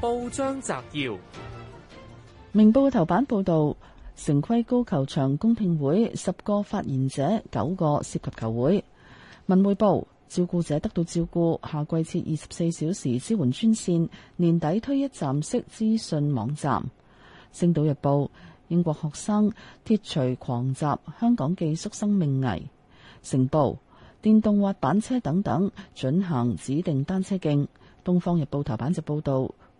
報章摘要：明報頭版報道，城規高球場公聽會，十個發言者，九個涉及球會。文匯報照顧者得到照顧，夏季設二十四小時支援專線，年底推一站式資訊網站。星島日報英國學生鐵錘狂襲，香港寄宿生命危。成報電動滑板車等等准行指定單車徑。東方日報頭版就報道。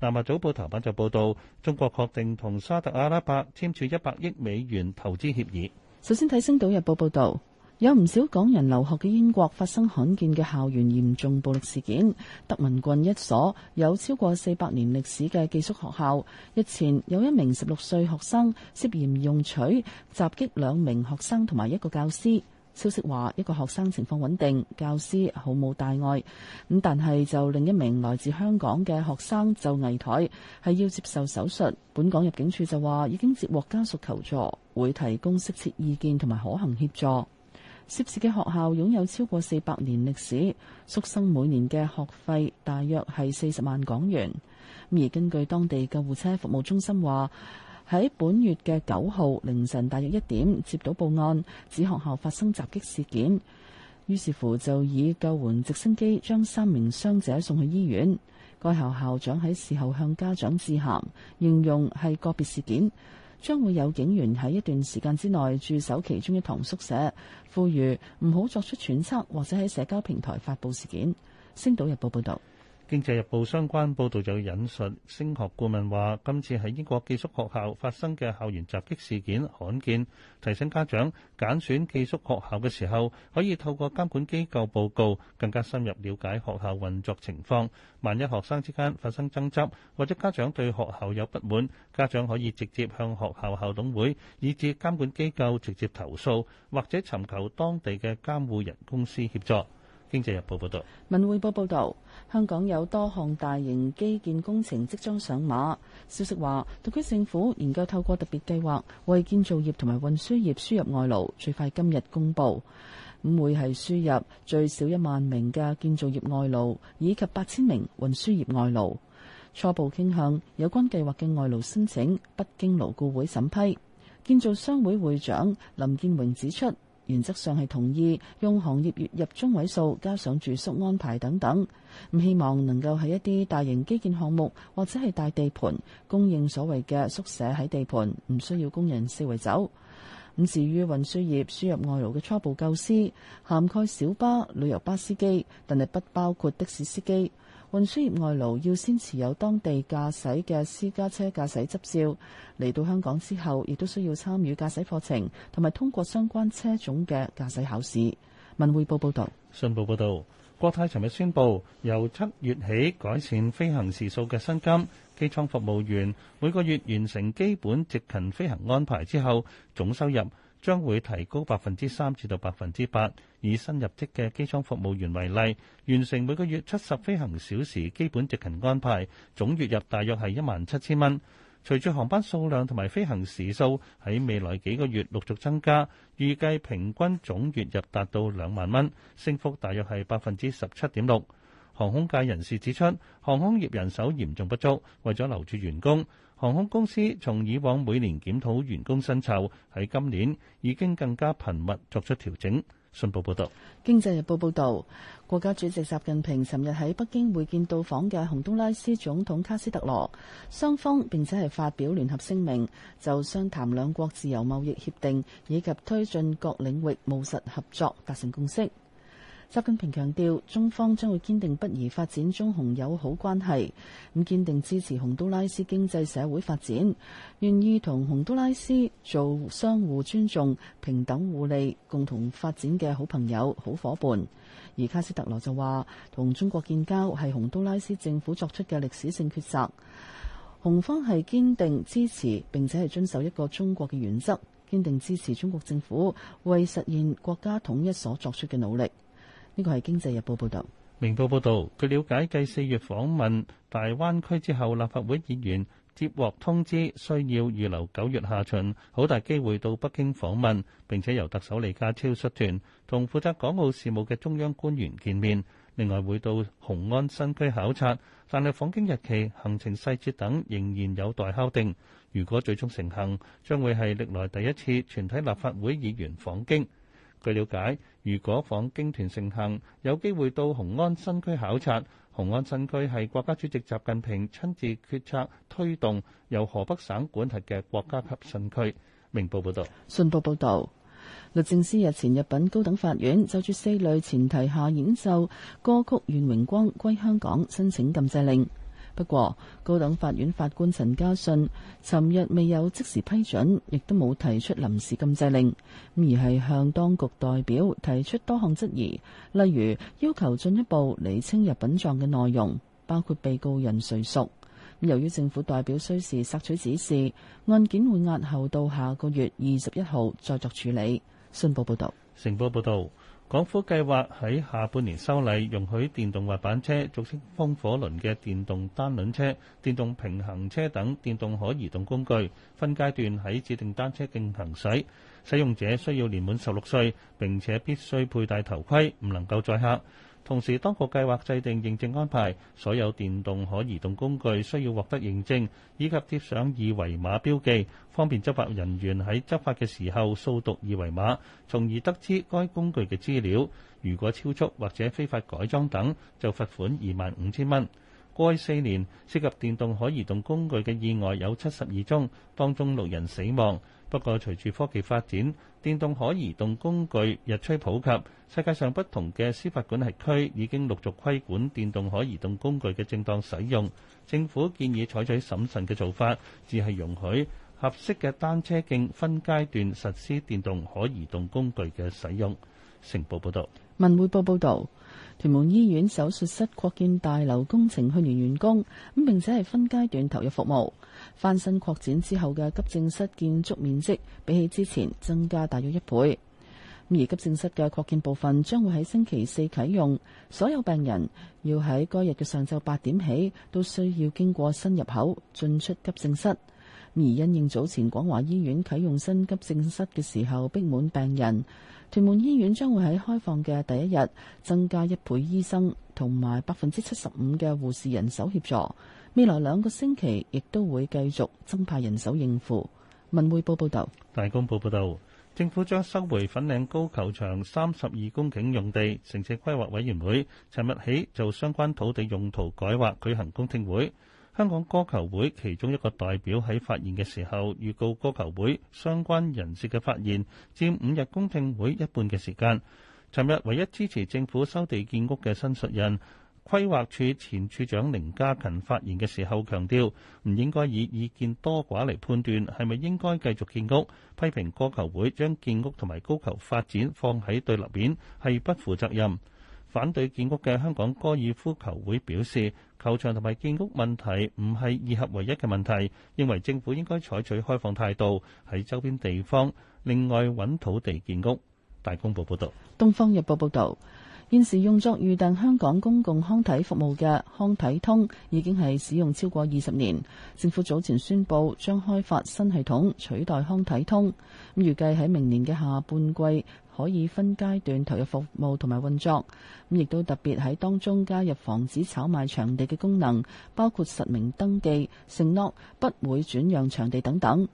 南華早報頭版就報道，中國確定同沙特阿拉伯簽署一百億美元投資協議。首先睇《星島日報》報道，有唔少港人留學嘅英國發生罕見嘅校園嚴重暴力事件。德文郡一所有超過四百年歷史嘅寄宿學校，日前有一名十六歲學生涉嫌用錘襲擊兩名學生同埋一個教師。消息話，一個學生情況穩定，教師毫無大礙。咁但係就另一名來自香港嘅學生就危殆，係要接受手術。本港入境處就話已經接獲家屬求助，會提供適切意見同埋可行協助。涉事嘅學校擁有超過四百年歷史，宿生每年嘅學費大約係四十萬港元。而根據當地救護車服務中心話，喺本月嘅九號凌晨大約一點接到報案，指學校發生襲擊事件，於是乎就以救援直升機將三名傷者送去醫院。該校校長喺事後向家長致函，形容係個別事件，將會有警員喺一段時間之內駐守其中一堂宿舍，呼籲唔好作出揣測或者喺社交平台發布事件。星島日報報道。《經濟日報》相關報導就引述升學顧問話，今次喺英國寄宿學校發生嘅校園襲擊事件罕見，提醒家長揀選，選寄宿學校嘅時候，可以透過監管機構報告，更加深入了解學校運作情況。萬一學生之間發生爭執，或者家長對學校有不滿，家長可以直接向學校校董會，以至監管機構直接投訴，或者尋求當地嘅監護人公司協助。經濟日報報道，文匯報報道，香港有多項大型基建工程即將上馬。消息話，特區政府研究透過特別計劃為建造業同埋運輸業輸入外勞，最快今日公布。五會係輸入最少一萬名嘅建造業外勞，以及八千名運輸業外勞。初步傾向有關計劃嘅外勞申請，不經勞顧會審批。建造商會會長林建榮指出，原則上係同意用行業月入中位數，加上住宿安排等等。咁希望能夠喺一啲大型基建項目或者係大地盤供應所謂嘅宿舍喺地盤，唔需要工人四圍走。咁、嗯、至於運輸業輸入外勞嘅初步構思，涵蓋小巴、旅遊巴司機，但係不包括的士司機。運輸業外勞要先持有當地駕駛嘅私家車駕駛執照，嚟到香港之後，亦都需要參與駕駛課程，同埋通過相關車種嘅駕駛考試。文匯報報道，信報報道，國泰尋日宣布，由七月起改善飛行時數嘅薪金，機艙服務員每個月完成基本直勤飛行安排之後，總收入。將會提高百分之三至到百分之八。以新入職嘅機艙服務員為例，完成每個月七十飛行小時基本值勤安排，總月入大約係一萬七千蚊。隨住航班數量同埋飛行時數喺未來幾個月陸續增加，預計平均總月入達到兩萬蚊，升幅大約係百分之十七點六。航空界人士指出，航空業人手嚴重不足，為咗留住員工。航空公司從以往每年檢討員工薪酬，喺今年已經更加頻密作出調整。信報報道。《經濟日報》報導，國家主席習近平尋日喺北京會見到訪嘅洪都拉斯總統卡斯特羅，雙方並且係發表聯合聲明，就商談兩國自由貿易協定以及推進各領域務實合作達成共識。習近平強調，中方將會堅定不移發展中洪友好關係，咁堅定支持洪都拉斯經濟社會發展，願意同洪都拉斯做相互尊重、平等互利、共同發展嘅好朋友、好夥伴。而卡斯特羅就話，同中國建交係洪都拉斯政府作出嘅歷史性抉擇，洪方係堅定支持，並且係遵守一個中國嘅原則，堅定支持中國政府為實現國家統一所作出嘅努力。呢個係《經濟日報》報導，《明報》報導，據了解，繼四月訪問大灣區之後，立法會議員接獲通知，需要預留九月下旬，好大機會到北京訪問，並且由特首李家超率團同負責港澳事務嘅中央官員見面。另外會到雄安新區考察，但係訪京日期、行程細節等仍然有待敲定。如果最終成行，將會係歷來第一次全體立法會議員訪京。據了解，如果訪京團成行，有機會到雄安新區考察。雄安新區係國家主席習近平親自決策推動，由河北省管轄嘅國家級新區。明報報道，信報報道，律政司日前入禀高等法院，就住四類前提下演奏歌曲《願榮光歸香港》申請禁制令。不過，高等法院法官陳家信尋日未有即時批准，亦都冇提出臨時禁制令，而係向當局代表提出多項質疑，例如要求進一步釐清入稟狀嘅內容，包括被告人誰屬。由於政府代表需時索取指示，案件會押後到下個月二十一號再作處理。信報報道。成報報道。港府計劃喺下半年修例，容許電動滑板車（俗稱風火輪）嘅電動單輪車、電動平衡車等電動可移動工具，分階段喺指定單車徑行駛，使用者需要年滿十六歲，並且必須佩戴頭盔，唔能夠載客。同時，當局計劃制定認證安排，所有電動可移動工具需要獲得認證，以及貼上二維碼標記，方便執法人員喺執法嘅時候掃讀二維碼，從而得知該工具嘅資料。如果超速或者非法改裝等，就罰款二萬五千蚊。過去四年涉及電動可移動工具嘅意外有七十二宗，當中六人死亡。不過隨住科技發展，電動可移動工具日趨普及，世界上不同嘅司法管轄區已經陸續規管電動可移動工具嘅正當使用。政府建議採取審慎嘅做法，只係容許合適嘅單車徑分階段實施電動可移動工具嘅使用。成報報道，文匯報報道。屯門醫院手術室擴建大樓工程去年完工，咁並且係分階段投入服務。翻新擴展之後嘅急症室建築面積比起之前增加大約一倍。而急症室嘅擴建部分將會喺星期四啟用，所有病人要喺該日嘅上晝八點起都需要經過新入口進出急症室。而因應早前廣華醫院啟用新急症室嘅時候，逼滿病人，屯門醫院將會喺開放嘅第一日增加一倍醫生同埋百分之七十五嘅護士人手協助，未來兩個星期亦都會繼續增派人手應付。文匯報報道。大公報報道，政府將收回粉嶺高球場三十二公頃用地，城市規劃委員會尋日起就相關土地用途改劃舉行公聽會。香港歌球會其中一個代表喺發言嘅時候預告，歌球會相關人士嘅發言佔五日公聽會一半嘅時間。尋日唯一支持政府收地建屋嘅申述人，規劃署前署長凌家勤發言嘅時候強調，唔應該以意見多寡嚟判斷係咪應該繼續建屋，批評歌球會將建屋同埋高球發展放喺對立面係不負責任。反對建屋嘅香港高爾夫球會表示，球場同埋建屋問題唔係二合為一嘅問題，認為政府應該採取開放態度，喺周邊地方另外揾土地建屋。大公報報道，《東方日報》報道：「現時用作預訂香港公共康體服務嘅康體通已經係使用超過二十年。政府早前宣布將開發新系統取代康體通，咁預計喺明年嘅下半季。可以分階段投入服務同埋運作，咁亦都特別喺當中加入防止炒賣場地嘅功能，包括實名登記、承諾不會轉讓場地等等。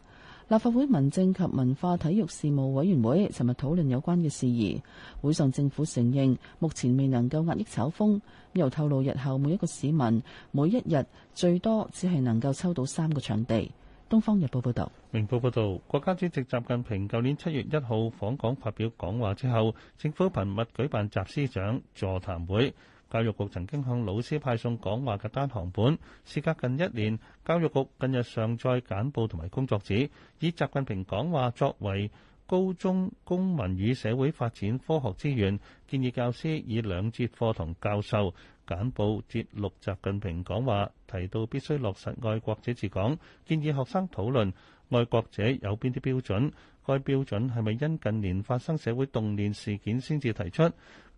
立法會民政及文化體育事務委員會尋日討論有關嘅事宜，會上政府承認目前未能夠壓抑炒風，又透露日後每一個市民每一日最多只係能夠抽到三個場地。《東方日報》報道，明報報道，國家主席習近平舊年七月一號訪港發表講話之後，政府頻密舉辦習師長座談會。教育局曾經向老師派送講話嘅單行本，事隔近一年，教育局近日上載簡報同埋工作紙，以習近平講話作為高中公民與社會發展科學資源，建議教師以兩節課同教授。簡報節錄習近平講話，提到必須落實愛國者治港，建議學生討論愛國者有邊啲標準，該標準係咪因近年發生社會動亂事件先至提出？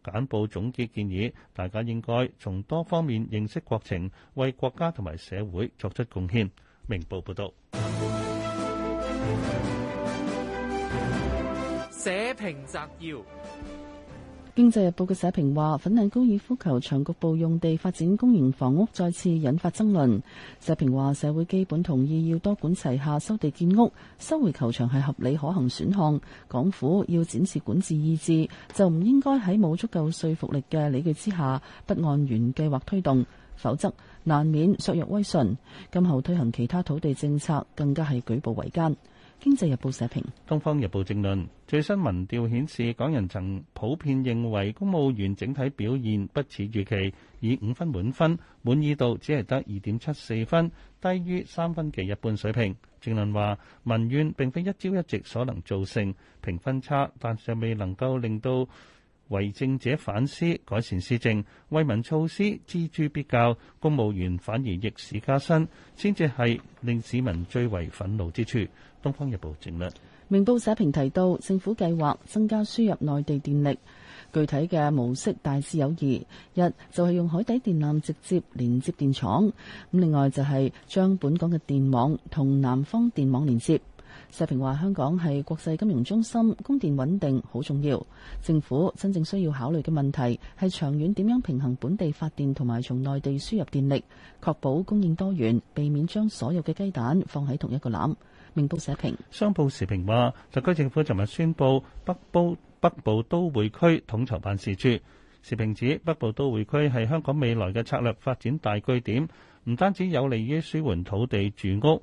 簡報總結建議，大家應該從多方面認識國情，為國家同埋社會作出貢獻。明報報道，社評摘要。《經濟日報》嘅社評話：粉嶺高爾夫球場局部用地發展公營房屋，再次引發爭論。社評話：社會基本同意要多管齊下收地建屋，收回球場係合理可行選項。港府要展示管治意志，就唔應該喺冇足夠說服力嘅理據之下，不按原計劃推動，否則難免削弱威信。今後推行其他土地政策，更加係舉步維艱。經濟日報社評，《東方日報》正論：最新民調顯示，港人曾普遍認為公務員整體表現不似預期，以五分滿分，滿意度只係得二點七四分，低於三分嘅一半水平。正論話，民怨並非一朝一夕所能造成，評分差，但尚未能夠令到。為政者反思改善施政，為民措施錙銖必較，公務員反而逆市加薪，先至係令市民最為憤怒之處。東方日報正論。明報社評提到，政府計劃增加輸入內地電力，具體嘅模式大致有二：一就係、是、用海底電纜直接連接電廠，咁另外就係將本港嘅電網同南方電網連接。社評話：香港係國際金融中心，供電穩定好重要。政府真正需要考慮嘅問題係長遠點樣平衡本地發電同埋從內地輸入電力，確保供應多元，避免將所有嘅雞蛋放喺同一個籃。明報社評。商報時評話：特區政府尋日宣布北部北部都會區統籌辦事處。時評指北部都會區係香港未來嘅策略發展大據點，唔單止有利於舒緩土地住屋，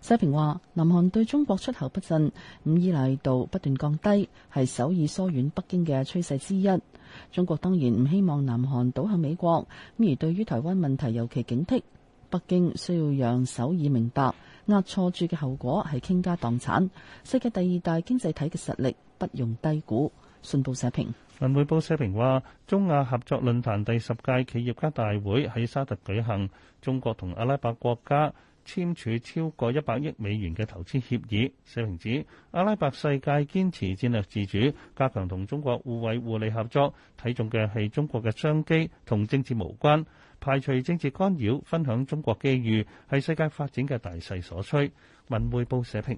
社評話：南韓對中國出口不振，五依賴度不斷降低，係首爾疏遠北京嘅趨勢之一。中國當然唔希望南韓倒向美國，而對於台灣問題尤其警惕。北京需要讓首爾明白，押錯注嘅後果係傾家蕩產。世界第二大經濟體嘅實力不容低估。信報社評，《文匯報》社評話：中阿合作論壇第十屆企業家大會喺沙特舉行，中國同阿拉伯國家，簽署超過一百億美元嘅投資協議。社評指阿拉伯世界堅持戰略自主，加強同中國互惠互利合作，睇重嘅係中國嘅商機，同政治無關。排除政治干擾，分享中國機遇，係世界發展嘅大勢所趨。文匯報社評。